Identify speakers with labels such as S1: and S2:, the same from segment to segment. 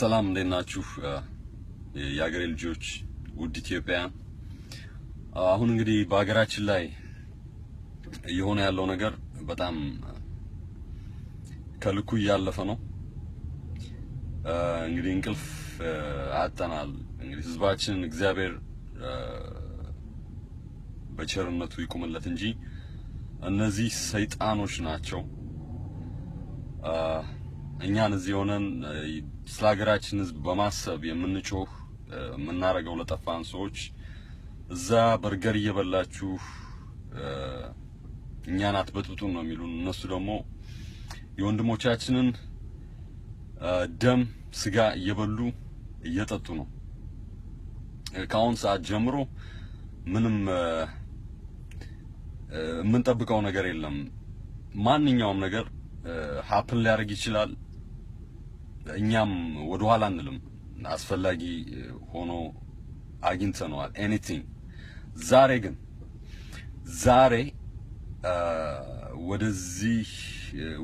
S1: ሰላም እንዴት ናችሁ? የአገሬ ልጆች፣ ውድ ኢትዮጵያውያን፣ አሁን እንግዲህ በሀገራችን ላይ እየሆነ ያለው ነገር በጣም ከልኩ እያለፈ ነው። እንግዲህ እንቅልፍ አጠናል። እንግዲህ ህዝባችንን እግዚአብሔር በቸርነቱ ይቁምለት እንጂ እነዚህ ሰይጣኖች ናቸው። እኛን እዚህ ሆነን ስለ ሀገራችን ሕዝብ በማሰብ የምንጮህ የምናደርገው ለጠፋን ሰዎች እዛ በርገር እየበላችሁ እኛን አትበጥብጡን ነው የሚሉን። እነሱ ደግሞ የወንድሞቻችንን ደም ስጋ እየበሉ እየጠጡ ነው። ከአሁን ሰዓት ጀምሮ ምንም የምንጠብቀው ነገር የለም። ማንኛውም ነገር ሀፕን ሊያደርግ ይችላል። እኛም ወደኋላ አንልም። አስፈላጊ ሆኖ አግኝተነዋል። ኤኒቲንግ ዛሬ ግን ዛሬ ወደዚህ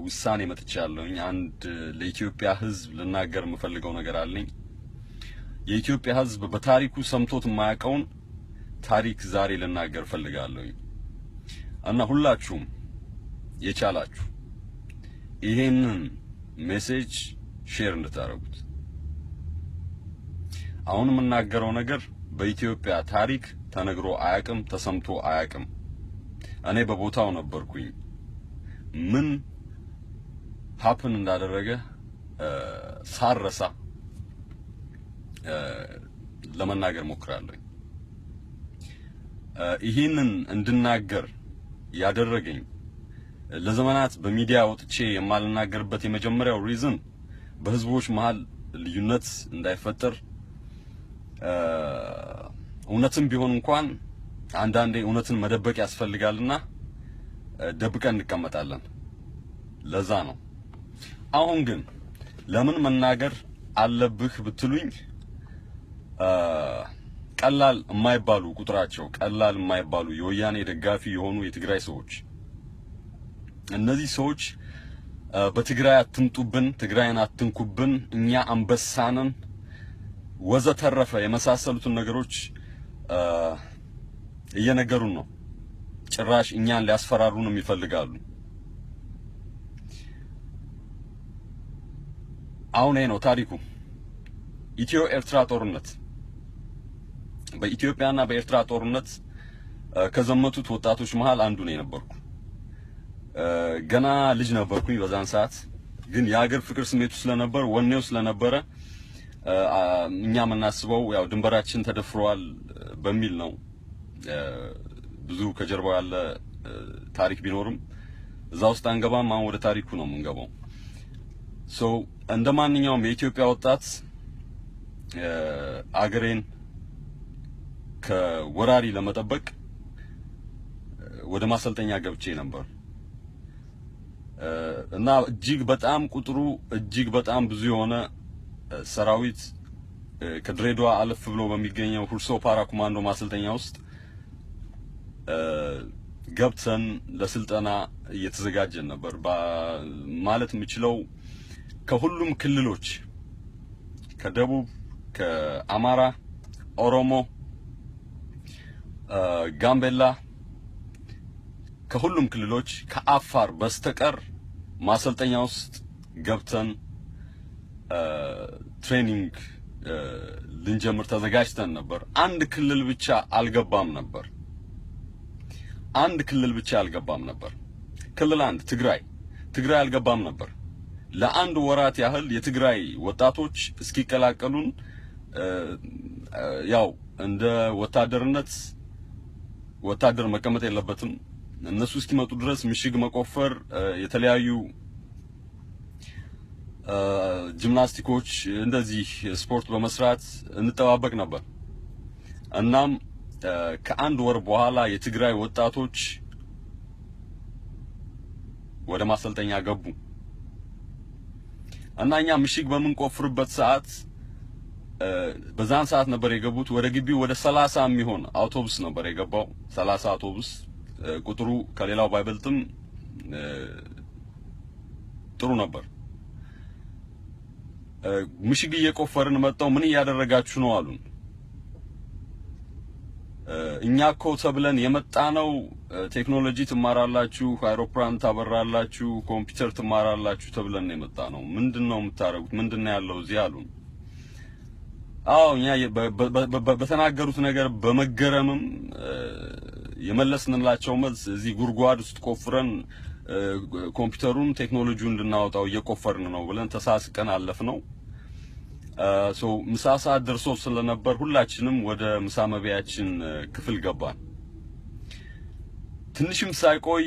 S1: ውሳኔ መጥቻለሁኝ። አንድ ለኢትዮጵያ ሕዝብ ልናገር የምፈልገው ነገር አለኝ። የኢትዮጵያ ሕዝብ በታሪኩ ሰምቶት የማያውቀውን ታሪክ ዛሬ ልናገር ፈልጋለሁኝ እና ሁላችሁም የቻላችሁ ይሄንን ሜሴጅ ሼር እንድታደርጉት። አሁን የምናገረው ነገር በኢትዮጵያ ታሪክ ተነግሮ አያቅም፣ ተሰምቶ አያቅም። እኔ በቦታው ነበርኩኝ። ምን ሀፕን እንዳደረገ ሳረሳ ለመናገር ሞክራለሁ። ይህንን እንድናገር ያደረገኝ ለዘመናት በሚዲያ ወጥቼ የማልናገርበት የመጀመሪያው ሪዝን በህዝቦች መሀል ልዩነት እንዳይፈጠር እውነትም ቢሆን እንኳን አንዳንዴ እውነትን መደበቅ ያስፈልጋልና ደብቀን እንቀመጣለን። ለዛ ነው። አሁን ግን ለምን መናገር አለብህ ብትሉኝ ቀላል የማይባሉ ቁጥራቸው ቀላል የማይባሉ የወያኔ ደጋፊ የሆኑ የትግራይ ሰዎች እነዚህ ሰዎች በትግራይ አትምጡብን፣ ትግራይን አትንኩብን፣ እኛ አንበሳንን ወዘተረፈ የመሳሰሉትን ነገሮች እየነገሩን ነው። ጭራሽ እኛን ሊያስፈራሩንም ይፈልጋሉ። አሁን ይሄ ነው ታሪኩ። ኢትዮ ኤርትራ ጦርነት በኢትዮጵያና በኤርትራ ጦርነት ከዘመቱት ወጣቶች መሃል አንዱ ነው የነበርኩ። ገና ልጅ ነበርኩኝ በዛን ሰዓት ግን የሀገር ፍቅር ስሜቱ ስለነበር ወኔው ስለነበረ እኛ የምናስበው ያው ድንበራችን ተደፍሯል በሚል ነው። ብዙ ከጀርባው ያለ ታሪክ ቢኖርም እዛ ውስጥ አንገባም። አሁን ወደ ታሪኩ ነው የምንገባው። ሶ እንደ ማንኛውም የኢትዮጵያ ወጣት አገሬን ከወራሪ ለመጠበቅ ወደ ማሰልጠኛ ገብቼ ነበር። እና እጅግ በጣም ቁጥሩ እጅግ በጣም ብዙ የሆነ ሰራዊት ከድሬዳዋ አለፍ ብሎ በሚገኘው ሁርሶ ፓራ ኮማንዶ ማሰልጠኛ ውስጥ ገብተን ለስልጠና እየተዘጋጀን ነበር። ማለት የምችለው ከሁሉም ክልሎች ከደቡብ፣ ከአማራ፣ ኦሮሞ፣ ጋምቤላ ከሁሉም ክልሎች ከአፋር በስተቀር ማሰልጠኛ ውስጥ ገብተን ትሬኒንግ ልንጀምር ተዘጋጅተን ነበር። አንድ ክልል ብቻ አልገባም ነበር። አንድ ክልል ብቻ አልገባም ነበር። ክልል አንድ ትግራይ፣ ትግራይ አልገባም ነበር። ለአንድ ወራት ያህል የትግራይ ወጣቶች እስኪቀላቀሉን ያው እንደ ወታደርነት ወታደር መቀመጥ የለበትም እነሱ እስኪመጡ ድረስ ምሽግ መቆፈር፣ የተለያዩ ጂምናስቲኮች እንደዚህ ስፖርት በመስራት እንጠባበቅ ነበር። እናም ከአንድ ወር በኋላ የትግራይ ወጣቶች ወደ ማሰልጠኛ ገቡ እና እኛ ምሽግ በምንቆፍርበት ሰዓት በዛን ሰዓት ነበር የገቡት። ወደ ግቢው ወደ ሰላሳ የሚሆን አውቶቡስ ነበር የገባው፣ ሰላሳ አውቶቡስ ቁጥሩ ከሌላው ባይበልጥም ጥሩ ነበር። ምሽግ እየቆፈርን መጣው ምን እያደረጋችሁ ነው አሉን። እኛ እኮ ተብለን የመጣ ነው። ቴክኖሎጂ ትማራላችሁ፣ አይሮፕላን ታበራላችሁ፣ ኮምፒውተር ትማራላችሁ ተብለን ነው የመጣ ነው። ምንድን ነው የምታደርጉት? ምንድን ነው ያለው እዚህ አሉን። አዎ እኛ በተናገሩት ነገር በመገረምም የመለስንላቸው መልስ እዚህ ጉድጓድ ውስጥ ቆፍረን ኮምፒውተሩን ቴክኖሎጂውን እንድናወጣው እየቆፈርን ነው ብለን ተሳስቀን አለፍ ነው። ሶ ምሳ ሰዓት ደርሶ ስለነበር ሁላችንም ወደ ምሳ ክፍል ገባን። ትንሽም ሳይቆይ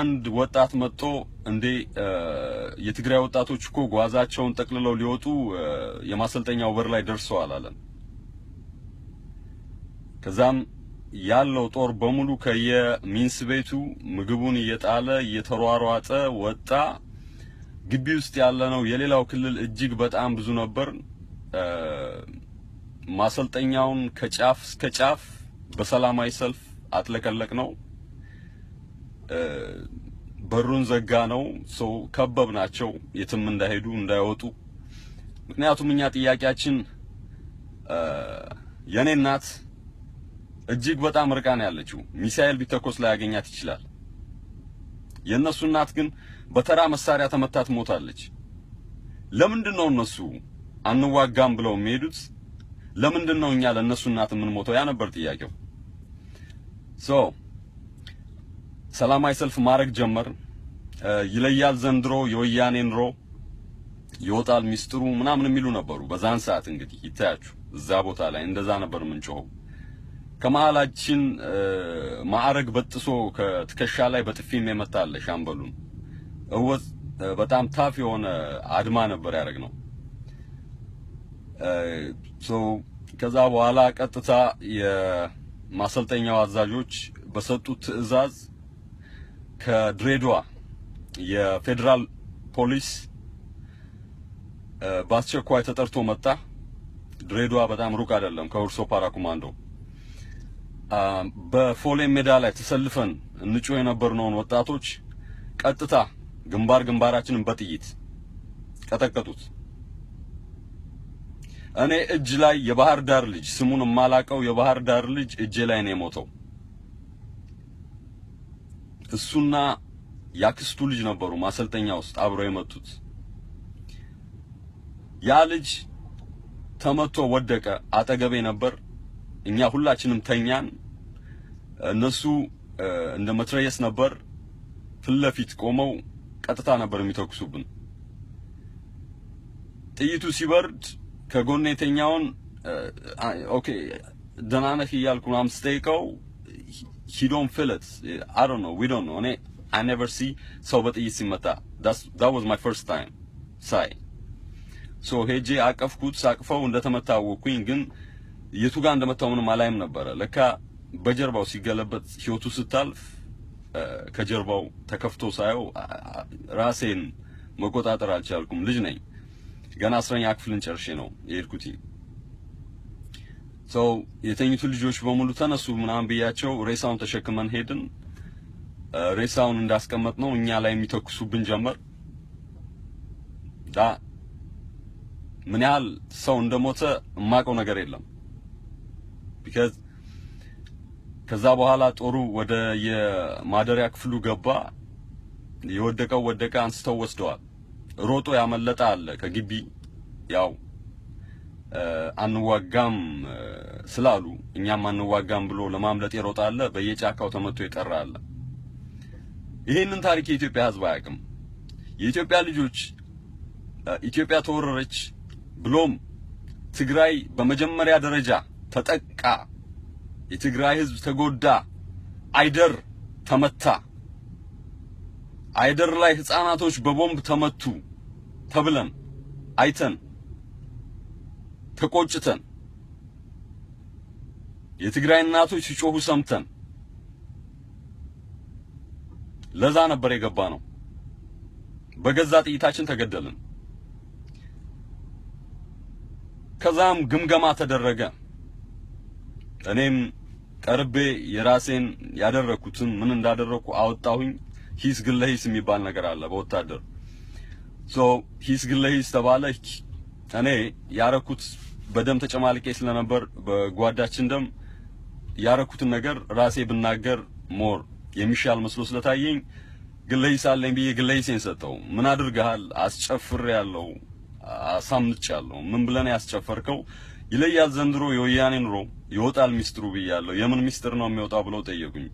S1: አንድ ወጣት መጥቶ እንዴ የትግራይ ወጣቶች እኮ ጓዛቸውን ጠቅልለው ሊወጡ የማሰልጠኛው በር ላይ ደርሰዋል አለን። ከዛም ያለው ጦር በሙሉ ከየሚንስ ቤቱ ምግቡን እየጣለ እየተሯሯጠ ወጣ። ግቢ ውስጥ ያለነው የሌላው ክልል እጅግ በጣም ብዙ ነበር። ማሰልጠኛውን ከጫፍ እስከ ጫፍ በሰላማዊ ሰልፍ አጥለቀለቅ ነው። በሩን ዘጋ ነው። ሰው ከበብ ናቸው። የትም እንዳይሄዱ እንዳይወጡ። ምክንያቱም እኛ ጥያቄያችን የኔ እናት እጅግ በጣም ርቃን ያለችው። ሚሳኤል ቢተኮስ ላያገኛት ይችላል። የእነሱ እናት ግን በተራ መሳሪያ ተመታ ትሞታለች። ለምንድን ነው እነሱ አንዋጋም ብለው የሚሄዱት? ለምንድን ነው እኛ ለእነሱ እናት የምንሞተው? ያ ነበር ጥያቄው። ሶ ሰላማዊ ሰልፍ ማድረግ ጀመር። ይለያል ዘንድሮ የወያኔ ኑሮ ይወጣል ሚስጥሩ ምናምን የሚሉ ነበሩ። በዛን ሰዓት እንግዲህ ይታያችሁ፣ እዛ ቦታ ላይ እንደዛ ነበር የምንጮኸው። ከመሃላችን ማዕረግ በጥሶ ከትከሻ ላይ በጥፊም የመታለ ሻምበሉን እወት በጣም ታፍ የሆነ አድማ ነበር ያደረግ ነው። ከዛ በኋላ ቀጥታ የማሰልጠኛው አዛዦች በሰጡት ትዕዛዝ ከድሬዳዋ የፌዴራል ፖሊስ በአስቸኳይ ተጠርቶ መጣ። ድሬዳዋ በጣም ሩቅ አይደለም ከሁርሶ ፓራ ኮማንዶ በፎሌ ሜዳ ላይ ተሰልፈን እንጮህ የነበርነውን ወጣቶች ቀጥታ ግንባር ግንባራችንን በጥይት ቀጠቀጡት። እኔ እጅ ላይ የባህር ዳር ልጅ ስሙን የማላቀው የባህር ዳር ልጅ እጄ ላይ ነው የሞተው። እሱና ያክስቱ ልጅ ነበሩ ማሰልጠኛ ውስጥ አብረው የመጡት። ያ ልጅ ተመቶ ወደቀ። አጠገቤ ነበር። እኛ ሁላችንም ተኛን። እነሱ እንደ መትረየስ ነበር ፊት ለፊት ቆመው ቀጥታ ነበር የሚተኩሱብን። ጥይቱ ሲበርድ ከጎን የተኛውን ኦኬ ደህና ነህ እያልኩ ምናምን ስጠይቀው he don't feel it i don't know we don't know እኔ i never see ሰው በጥይት ሲመታ ዳት that was my first time ሳይ ሶ ሄጄ አቀፍኩት። ሳቅፈው እንደተመታ ግን የቱ ጋር እንደመታው ምንም አላይም ነበረ። ለካ በጀርባው ሲገለበጥ ህይወቱ ስታልፍ ከጀርባው ተከፍቶ ሳየው ራሴን መቆጣጠር አልቻልኩም። ልጅ ነኝ ገና አስረኛ ክፍልን ጨርሼ ነው የሄድኩት። ሰው የተኙት ልጆች በሙሉ ተነሱ ምናምን ብያቸው ሬሳውን ተሸክመን ሄድን። ሬሳውን እንዳስቀመጥ ነው እኛ ላይ የሚተኩሱብን ጀመር። ዳ ምን ያህል ሰው እንደሞተ የማውቀው ነገር የለም። ቢካዝ ከዛ በኋላ ጦሩ ወደ የማደሪያ ክፍሉ ገባ። የወደቀው ወደቀ፣ አንስተው ወስደዋል። ሮጦ ያመለጠ አለ ከግቢ ያው አንዋጋም ስላሉ እኛም አንዋጋም ብሎ ለማምለጥ የሮጠ አለ። በየጫካው ተመቶ የቀረ አለ። ይህንን ታሪክ የኢትዮጵያ ሕዝብ አያውቅም። የኢትዮጵያ ልጆች ኢትዮጵያ ተወረረች ብሎም ትግራይ በመጀመሪያ ደረጃ ተጠቃ፣ የትግራይ ህዝብ ተጎዳ፣ አይደር ተመታ፣ አይደር ላይ ህፃናቶች በቦምብ ተመቱ ተብለን አይተን ተቆጭተን የትግራይ እናቶች ሲጮሁ ሰምተን ለዛ ነበር የገባ ነው። በገዛ ጥይታችን ተገደልን። ከዛም ግምገማ ተደረገ። እኔም ቀርቤ የራሴን ያደረኩትን ምን እንዳደረኩ አወጣሁኝ። ሂስ ግለሂስ የሚባል ነገር አለ በወታደር ሶ ሂስ ግለሂስ ተባለ። እኔ ያረኩት በደም ተጨማልቄ ስለነበር በጓዳችን ደም ያረኩትን ነገር ራሴ ብናገር ሞር የሚሻል መስሎ ስለታየኝ ግለሂስ አለኝ ብዬ ግለሂሴን ሰጠው። ምን አድርገሃል? አስጨፍር ያለው አሳምጭ ያለው ምን ብለን ያስጨፈርከው ይለያል ዘንድሮ የወያኔ ኑሮ ይወጣል ሚስጥሩ ብያለሁ። የምን ሚስጥር ነው የሚወጣው ብለው ጠየቁኝ።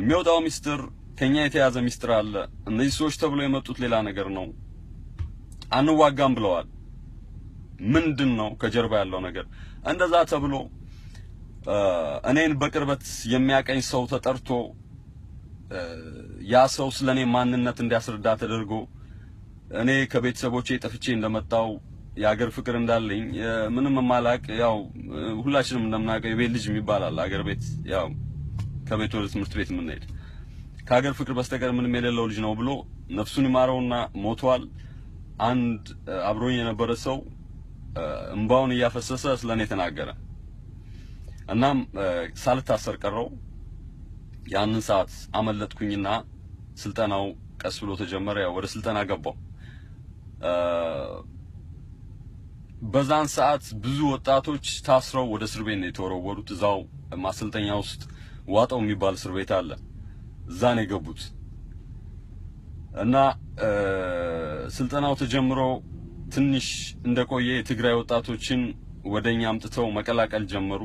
S1: የሚወጣው ሚስጥር ከኛ የተያዘ ሚስጥር አለ። እነዚህ ሰዎች ተብሎ የመጡት ሌላ ነገር ነው። አንዋጋም ብለዋል። ምንድን ነው ከጀርባ ያለው ነገር? እንደዛ ተብሎ እኔን በቅርበት የሚያቀኝ ሰው ተጠርቶ ያ ሰው ስለኔ ማንነት እንዲያስረዳ ተደርጎ እኔ ከቤተሰቦቼ ጠፍቼ እንደመጣው የአገር ፍቅር እንዳለኝ ምንም የማላቅ ያው ሁላችንም እንደምናውቀው የቤት ልጅ የሚባላል አገር ቤት ያው ከቤት ወደ ትምህርት ቤት የምንሄድ ከሀገር ፍቅር በስተቀር ምንም የሌለው ልጅ ነው ብሎ ነፍሱን ይማረውና ሞቷል። አንድ አብሮኝ የነበረ ሰው እምባውን እያፈሰሰ ስለኔ ተናገረ። እናም ሳልታሰር ቀረው። ያንን ሰዓት አመለጥኩኝና ስልጠናው ቀስ ብሎ ተጀመረ። ያው ወደ ስልጠና ገባው። በዛን ሰዓት ብዙ ወጣቶች ታስረው ወደ እስር ቤት ነው የተወረወሩት። እዛው ማሰልጠኛ ውስጥ ዋጣው የሚባል እስር ቤት አለ። እዛ ነው የገቡት እና ስልጠናው ተጀምሮ ትንሽ እንደቆየ የትግራይ ወጣቶችን ወደኛ አምጥተው መቀላቀል ጀመሩ።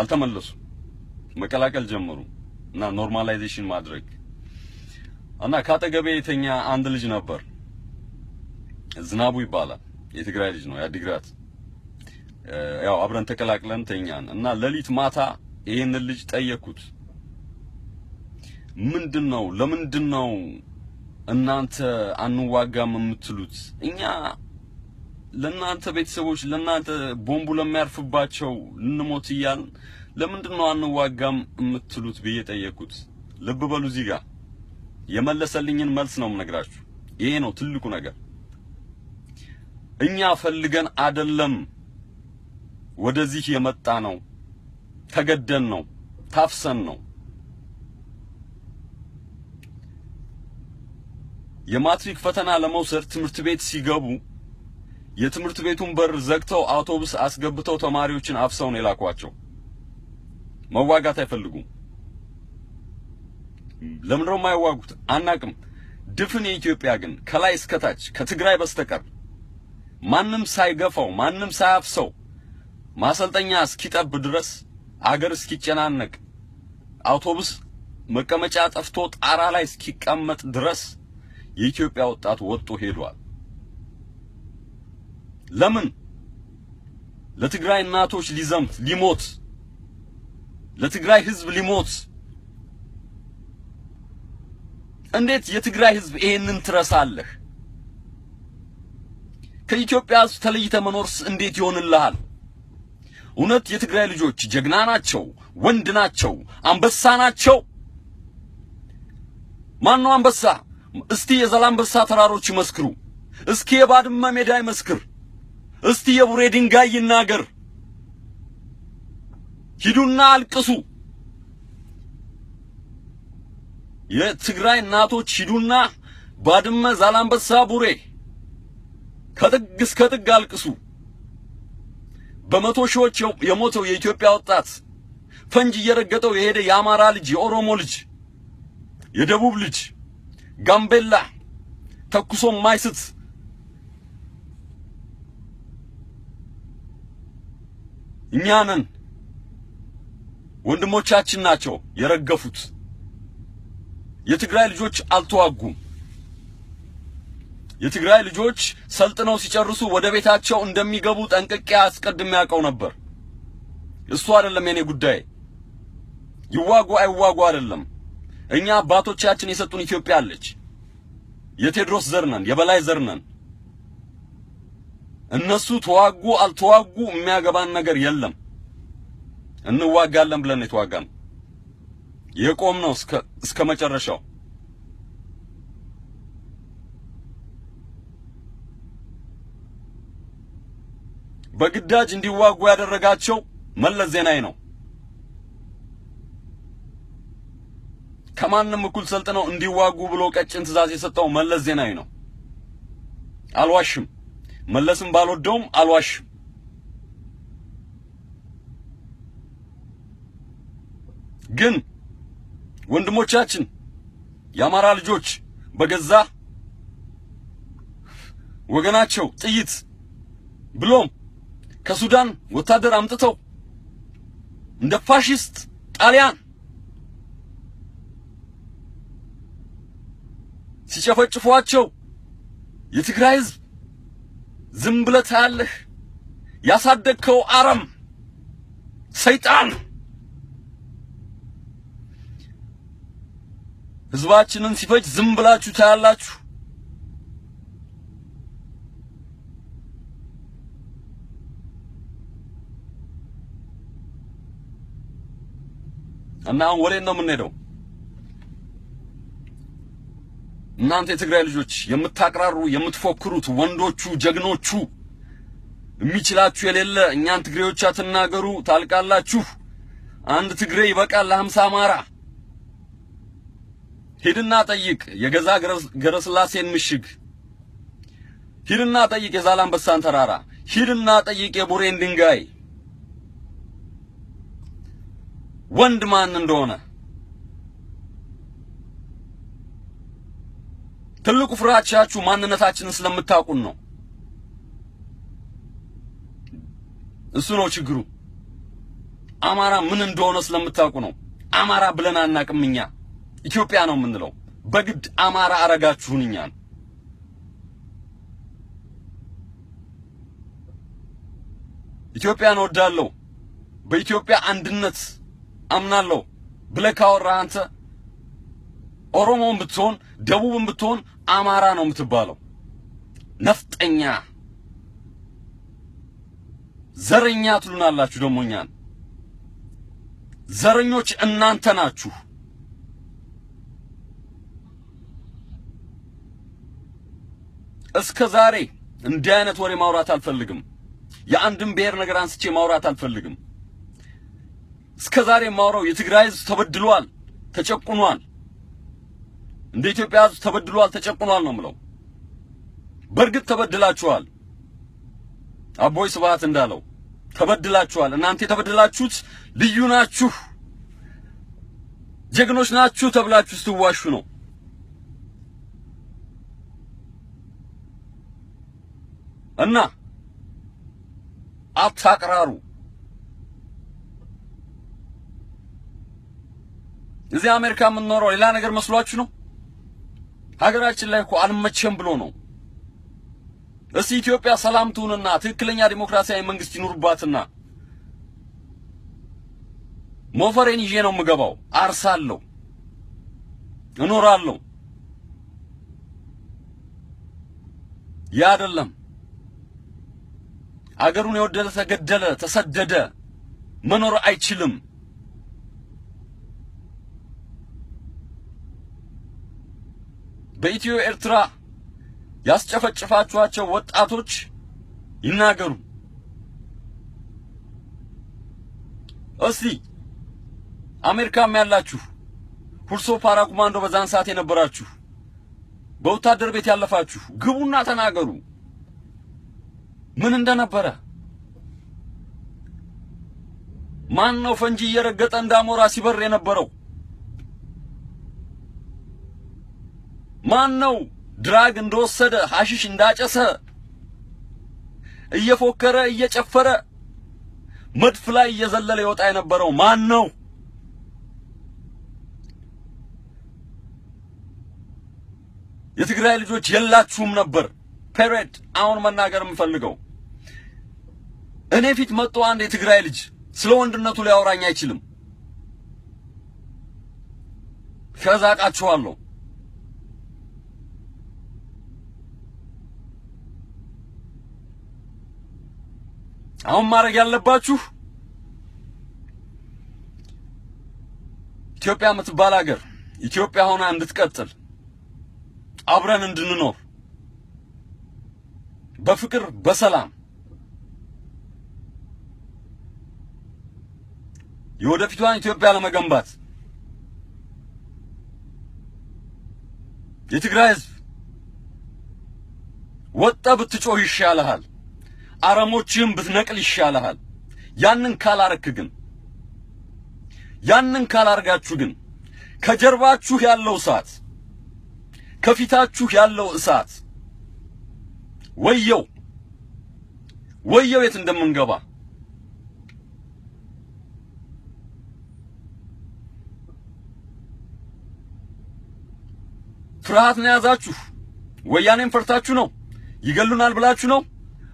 S1: አልተመለሱ፣ መቀላቀል ጀመሩ እና ኖርማላይዜሽን ማድረግ እና ካጠገቤ የተኛ አንድ ልጅ ነበር፣ ዝናቡ ይባላል። የትግራይ ልጅ ነው የአዲግራት ያው አብረን ተቀላቅለን ተኛን እና ሌሊት ማታ ይሄንን ልጅ ጠየኩት። ምንድን ነው ለምንድን ነው እናንተ አንዋጋም የምትሉት? እኛ ለናንተ ቤተሰቦች ለናንተ ቦምቡ ለሚያርፍባቸው ልንሞት እያልን ለምንድን ነው አንዋጋም የምትሉት ብዬ ጠየኩት። ልብ በሉ እዚህ ጋር የመለሰልኝን መልስ ነው የምነግራችሁ። ይሄ ነው ትልቁ ነገር። እኛ ፈልገን አደለም ወደዚህ የመጣ ነው። ተገደን ነው፣ ታፍሰን ነው። የማትሪክ ፈተና ለመውሰድ ትምህርት ቤት ሲገቡ የትምህርት ቤቱን በር ዘግተው አውቶቡስ አስገብተው ተማሪዎችን አፍሰው ነው የላኳቸው። መዋጋት አይፈልጉም። ለምንድነው የማይዋጉት? አናቅም። ድፍን የኢትዮጵያ ግን ከላይ እስከታች ከትግራይ በስተቀር ማንም ሳይገፋው ማንም ሳያፍሰው ማሰልጠኛ እስኪጠብ ድረስ አገር እስኪጨናነቅ አውቶቡስ መቀመጫ ጠፍቶ ጣራ ላይ እስኪቀመጥ ድረስ የኢትዮጵያ ወጣት ወጥቶ ሄዷል። ለምን? ለትግራይ እናቶች ሊዘምት ሊሞት፣ ለትግራይ ሕዝብ ሊሞት። እንዴት የትግራይ ህዝብ ይሄንን ትረሳለህ? ከኢትዮጵያ ተለይተ መኖርስ እንዴት ይሆንልሃል? እውነት የትግራይ ልጆች ጀግና ናቸው፣ ወንድ ናቸው፣ አንበሳ ናቸው። ማን ነው አንበሳ? እስቲ የዛላምበሳ ተራሮች ይመስክሩ። እስኪ የባድመ ሜዳ ይመስክር። እስቲ የቡሬ ድንጋይ ይናገር። ሂዱና አልቅሱ። የትግራይ እናቶች ሂዱና ባድመ፣ ዛላምበሳ፣ ቡሬ ከጥግ እስከ ጥግ አልቅሱ። በመቶ ሺዎች የሞተው የኢትዮጵያ ወጣት ፈንጅ እየረገጠው የሄደ የአማራ ልጅ፣ የኦሮሞ ልጅ፣ የደቡብ ልጅ ጋምቤላ ተኩሶ ማይስት እኛንን ወንድሞቻችን ናቸው የረገፉት። የትግራይ ልጆች አልተዋጉም። የትግራይ ልጆች ሰልጥነው ሲጨርሱ ወደ ቤታቸው እንደሚገቡ ጠንቅቄ አስቀድሜ ያውቀው ነበር። እሱ አይደለም የኔ ጉዳይ። ይዋጉ አይዋጉ አይደለም። እኛ አባቶቻችን የሰጡን ኢትዮጵያ አለች። የቴዎድሮስ ዘር ነን፣ የበላይ ዘር ነን። እነሱ ተዋጉ አልተዋጉ የሚያገባን ነገር የለም። እንዋጋለን ብለን የተዋጋን የቆም ነው እስከ እስከ መጨረሻው በግዳጅ እንዲዋጉ ያደረጋቸው መለስ ዜናዊ ነው። ከማንም እኩል ሰልጥነው እንዲዋጉ ብሎ ቀጭን ትዕዛዝ የሰጠው መለስ ዜናዊ ነው። አልዋሽም። መለስም ባልወደውም አልዋሽም። ግን ወንድሞቻችን የአማራ ልጆች በገዛ ወገናቸው ጥይት ብሎም ከሱዳን ወታደር አምጥተው እንደ ፋሽስት ጣሊያን ሲጨፈጭፏቸው የትግራይ ህዝብ ዝም ብለህ ታያለህ። ያሳደግከው አረም ሰይጣን ህዝባችንን ሲፈጅ ዝም ብላችሁ ታያላችሁ። እና አሁን ወዴት ነው የምንሄደው? እናንተ የትግራይ ልጆች የምታቅራሩ የምትፎክሩት ወንዶቹ ጀግኖቹ የሚችላችሁ የሌለ እኛን ትግሬዎች አትናገሩ ታልቃላችሁ። አንድ ትግሬ ይበቃል ለሀምሳ አማራ። ሂድና ጠይቅ የገዛ ገረስላሴን ምሽግ፣ ሂድና ጠይቅ የዛላምበሳን ተራራ፣ ሂድና ጠይቅ የቡሬን ድንጋይ ወንድ ማን እንደሆነ ትልቁ ፍራቻችሁ ማንነታችንን ስለምታውቁን ነው። እሱ ነው ችግሩ። አማራ ምን እንደሆነ ስለምታውቁ ነው። አማራ ብለን አናቅም። እኛ ኢትዮጵያ ነው የምንለው። በግድ አማራ አረጋችሁን እኛን። ኢትዮጵያን እወዳለሁ። በኢትዮጵያ አንድነት አምናለሁ ብለህ ካወራህ አንተ ኦሮሞን ብትሆን ደቡብን ብትሆን አማራ ነው የምትባለው። ነፍጠኛ ዘረኛ ትሉናላችሁ። ደግሞ እኛን ዘረኞች እናንተ ናችሁ። እስከ ዛሬ እንዲህ አይነት ወሬ ማውራት አልፈልግም። የአንድን ብሔር ነገር አንስቼ ማውራት አልፈልግም። እስከ ዛሬ የማውራው የትግራይ ህዝብ ተበድሏል፣ ተጨቁኗል። እንደ ኢትዮጵያ ህዝብ ተበድሏል፣ ተጨቁኗል ነው የምለው። በእርግጥ ተበድላችኋል። አቦይ ስብሐት እንዳለው ተበድላችኋል። እናንተ የተበድላችሁት ልዩ ናችሁ፣ ጀግኖች ናችሁ ተብላችሁ ስትዋሹ ነው። እና አታቅራሩ። እዚህ አሜሪካ የምንኖረው ሌላ ነገር መስሏችሁ ነው? ሀገራችን ላይ እኮ አልመቸም ብሎ ነው። እስቲ ኢትዮጵያ ሰላም ትሁንና ትክክለኛ ዲሞክራሲያዊ መንግስት ይኑርባትና ሞፈሬን ይዤ ነው የምገባው። አርሳለሁ፣ እኖራለሁ። ያ አይደለም። አገሩን የወደደ ተገደለ፣ ተሰደደ፣ መኖር አይችልም። በኢትዮ ኤርትራ ያስጨፈጨፋችኋቸው ወጣቶች ይናገሩ እስቲ። አሜሪካም ያላችሁ ሁርሶ ፓራ ኮማንዶ በዛን ሰዓት የነበራችሁ በወታደር ቤት ያለፋችሁ ግቡና ተናገሩ ምን እንደነበረ። ማን ነው ፈንጂ እየረገጠ እንዳሞራ ሲበር የነበረው? ማን ነው ድራግ እንደወሰደ ሐሽሽ እንዳጨሰ እየፎከረ እየጨፈረ መድፍ ላይ እየዘለለ ይወጣ የነበረው ማን ነው? የትግራይ ልጆች የላችሁም ነበር። ፔሬድ አሁን መናገር የምፈልገው እኔ ፊት መጥቶ አንድ የትግራይ ልጅ ስለ ወንድነቱ ሊያወራኝ አይችልም። ከዛ ቃችኋለሁ። አሁን ማድረግ ያለባችሁ ኢትዮጵያ የምትባል ሀገር ኢትዮጵያ ሆና እንድትቀጥል አብረን እንድንኖር በፍቅር በሰላም የወደፊቷን ኢትዮጵያ ለመገንባት የትግራይ ሕዝብ ወጣ ብትጮህ ይሻልሃል። አረሞችህን ብትነቅል ይሻልሃል። ያንን ካላርክ ግን ያንን ካላርጋችሁ ግን ከጀርባችሁ ያለው እሳት ከፊታችሁ ያለው እሳት ወየው ወየው የት እንደምንገባ ፍርሃት ነው የያዛችሁ። ወያኔን ፈርታችሁ ነው። ይገሉናል ብላችሁ ነው።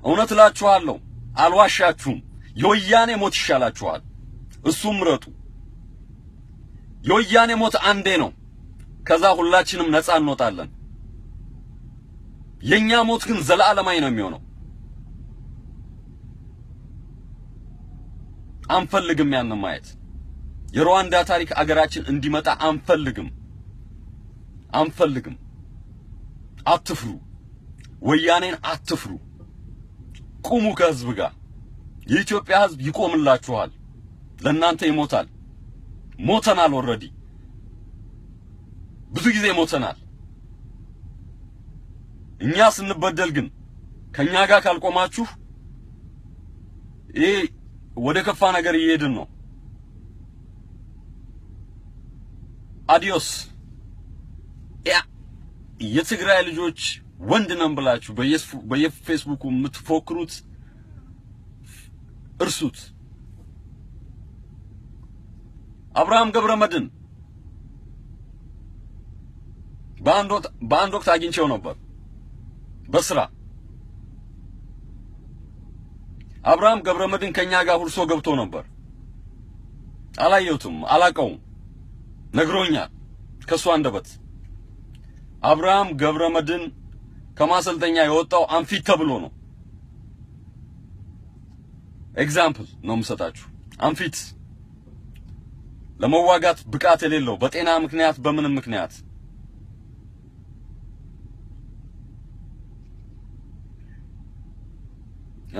S1: እውነት እላችኋለሁ፣ አልዋሻችሁም። የወያኔ ሞት ይሻላችኋል። እሱም ምረጡ። የወያኔ ሞት አንዴ ነው። ከዛ ሁላችንም ነፃ እንወጣለን። የኛ ሞት ግን ዘለዓለማዊ ነው የሚሆነው። አንፈልግም ያንን ማየት። የሩዋንዳ ታሪክ አገራችን እንዲመጣ አንፈልግም፣ አንፈልግም። አትፍሩ፣ ወያኔን አትፍሩ። ቁሙ ከህዝብ ጋር። የኢትዮጵያ ህዝብ ይቆምላችኋል፣ ለእናንተ ይሞታል። ሞተናል፣ ኦልሬዲ ብዙ ጊዜ ሞተናል። እኛ ስንበደል ግን ከኛ ጋር ካልቆማችሁ ይሄ ወደ ከፋ ነገር እየሄድን ነው። አዲዮስ ያ የትግራይ ልጆች ወንድ ነን ብላችሁ በየፌስቡኩ የምትፎክሩት እርሱት። አብርሃም ገብረ መድን በአንድ ወቅት አግኝቼው ነበር በስራ አብርሃም ገብረ መድን ከኛ ጋር ሁርሶ ገብቶ ነበር። አላየሁትም፣ አላቀውም። ነግሮኛል ከእሱ አንደበት አብርሃም ገብረ መድን ከማሰልጠኛ የወጣው አንፊት ተብሎ ነው። ኤግዛምፕል ነው የምሰጣችሁ። አንፊት ለመዋጋት ብቃት የሌለው በጤና ምክንያት በምንም ምክንያት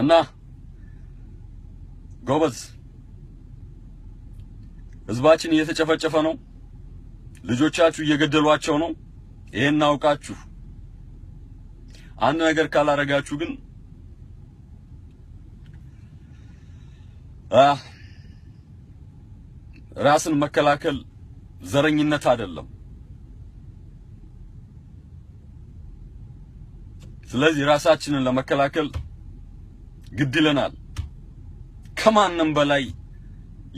S1: እና ጎበዝ ህዝባችን እየተጨፈጨፈ ነው። ልጆቻችሁ እየገደሏቸው ነው። ይሄን አውቃችሁ አንድ ነገር ካላረጋችሁ ግን ራስን መከላከል ዘረኝነት አይደለም። ስለዚህ ራሳችንን ለመከላከል ግድ ይለናል። ከማንም በላይ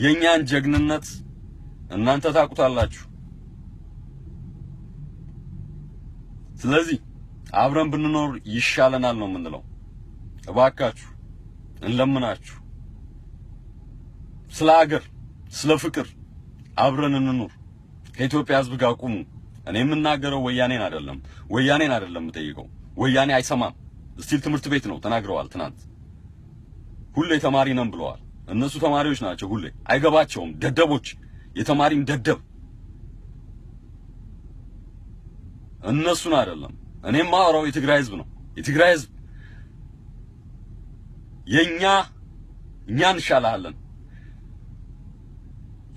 S1: የኛን ጀግንነት እናንተ ታውቁታላችሁ። ስለዚህ አብረን ብንኖር ይሻለናል ነው የምንለው። እባካችሁ እንለምናችሁ፣ ስለ አገር ስለ ፍቅር አብረን እንኑር። ከኢትዮጵያ ሕዝብ ጋር ቁሙ። እኔ የምናገረው ወያኔን አይደለም፣ ወያኔን አይደለም የምጠይቀው። ወያኔ አይሰማም እስቲል ትምህርት ቤት ነው ተናግረዋል። ትናንት ሁሌ ተማሪ ነን ብለዋል። እነሱ ተማሪዎች ናቸው። ሁሌ አይገባቸውም። ደደቦች፣ የተማሪም ደደብ እነሱን አይደለም እኔም ማወራው የትግራይ ህዝብ ነው። የትግራይ ህዝብ የኛ እኛ እንሻልሃለን።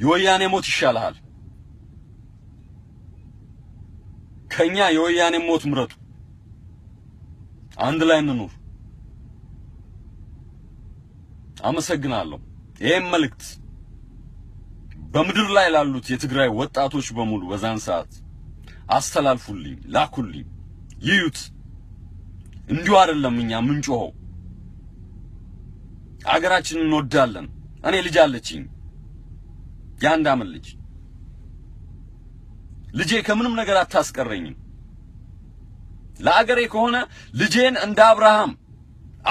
S1: የወያኔ ሞት ይሻልሃል። ከኛ የወያኔ ሞት ምረጡ። አንድ ላይ እንኑር። አመሰግናለሁ። ይሄን መልእክት በምድር ላይ ላሉት የትግራይ ወጣቶች በሙሉ በዛን ሰዓት አስተላልፉልኝ፣ ላኩልኝ። ይዩት። እንዲሁ አይደለም እኛ ምንጮኸው። አገራችንን እንወዳለን። እኔ ልጅ አለችኝ፣ የአንድ አመት ልጅ። ልጄ ከምንም ነገር አታስቀረኝም። ለአገሬ ከሆነ ልጄን እንደ አብርሃም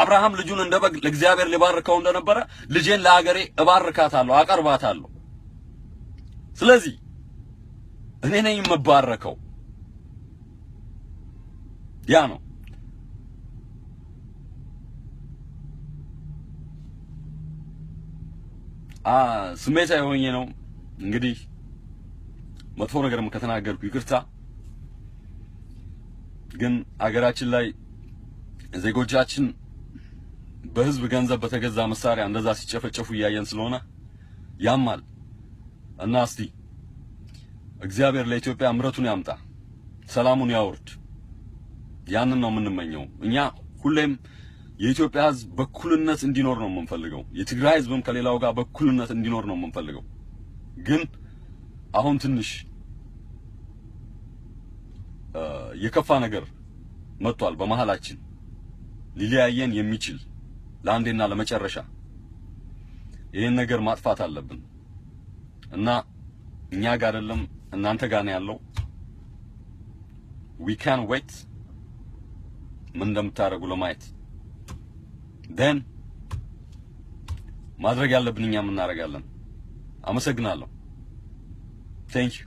S1: አብርሃም ልጁን እንደ በግ ለእግዚአብሔር ሊባርከው እንደነበረ ልጄን ለአገሬ እባርካታለሁ፣ አቀርባታለሁ። ስለዚህ እኔ ነኝ የምባረከው። ያ ነው። ስሜታዊ ሆኜ ነው እንግዲህ መጥፎ ነገርም ከተናገርኩ ይቅርታ። ግን አገራችን ላይ ዜጎቻችን በህዝብ ገንዘብ በተገዛ መሳሪያ እንደዛ ሲጨፈጨፉ እያየን ስለሆነ ያማል እና እስቲ እግዚአብሔር ለኢትዮጵያ ምሕረቱን ያምጣ፣ ሰላሙን ያውርድ። ያንን ነው የምንመኘው። እኛ ሁሌም የኢትዮጵያ ህዝብ በኩልነት እንዲኖር ነው የምንፈልገው። የትግራይ ህዝብም ከሌላው ጋር በኩልነት እንዲኖር ነው የምንፈልገው። ግን አሁን ትንሽ የከፋ ነገር መጥቷል በመሃላችን ሊለያየን የሚችል ለአንዴና ለመጨረሻ ይህን ነገር ማጥፋት አለብን እና እኛ ጋር አይደለም እናንተ ጋር ነው ያለው። ዊ ካን ዌት ምን እንደምታደርጉ ለማየት ደን ማድረግ ያለብን እኛም እናደርጋለን። አመሰግናለሁ። ቴንክ ዩ